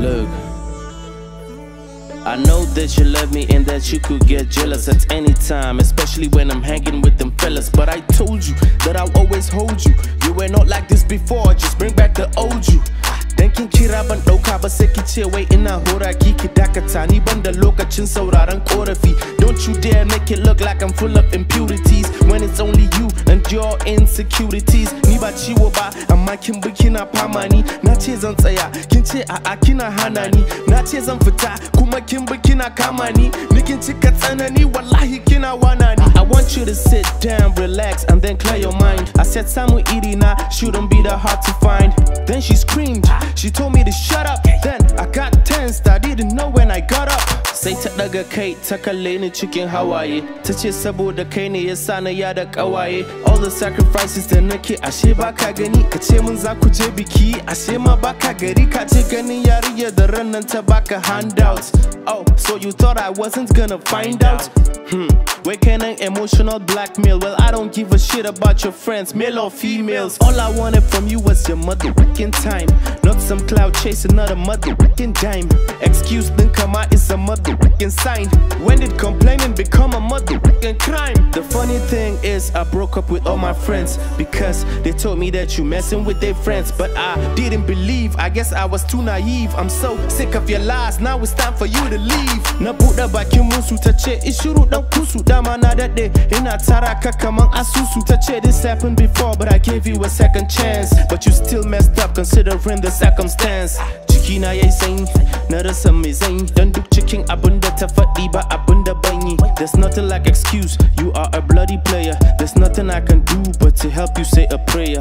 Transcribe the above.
Look. I know that you love me and that you could get jealous at any time, especially when I'm hanging with them fellas. But I told you that I'll always hold you. You were not like this before, just bring back the old you yankin kira ban ba sai ki ce wai ina horaki ki dakata ni ban da lokacin sauraron korafi don't you dare make it look like I'm full of impurities when it's only you and your insecurities ni ba ciwo ba amma kin bi kina fama ni na ce zan tsaya kin ce kina hana ni na ce zan fita kuma kin bi kina kama ni ni kin cika tsanani wallahi kina wana ni I want you to sit down relax and then clear your mind I said samu irina shouldn't be that hard to find then she screamed, she told me to shut up. Then I got tensed, I didn't know when I got up. Say ta daga kai ta kalle ni cikin hawaye ta ce saboda kai ne ya sa yada kawaye all the sacrifices da nake ashe baka gani ka ce mun za ku je biki ashe ma baka gari ka ce ganin yariya da rannan ta baka handouts oh so you thought I wasn't gonna find out hmm where can an emotional blackmail? Well, I don't give a shit about your friends, male or females. All I wanted from you was your motherfucking time. Not some cloud chasing, not a motherfucking dime. Excuse then come out, it's a motherfucking sign. When did complaining become a motherfucking crime? The funny thing is, I broke up with all my friends because they told me that you messing with their friends. But I didn't believe, I guess I was too naive. I'm so sick of your lies, now it's time for you to leave. Na ishuru kusu dama na daɗe ina tara ka kaman asusu ta ce this happened before but I gave you a second chance but you still messed up considering the circumstance jikina yayi sanyi na rasa mai zanyi dan duk cikin abin da ta faɗi ba abin there's nothing like excuse you are a bloody player there's nothing I can do but to help you say a prayer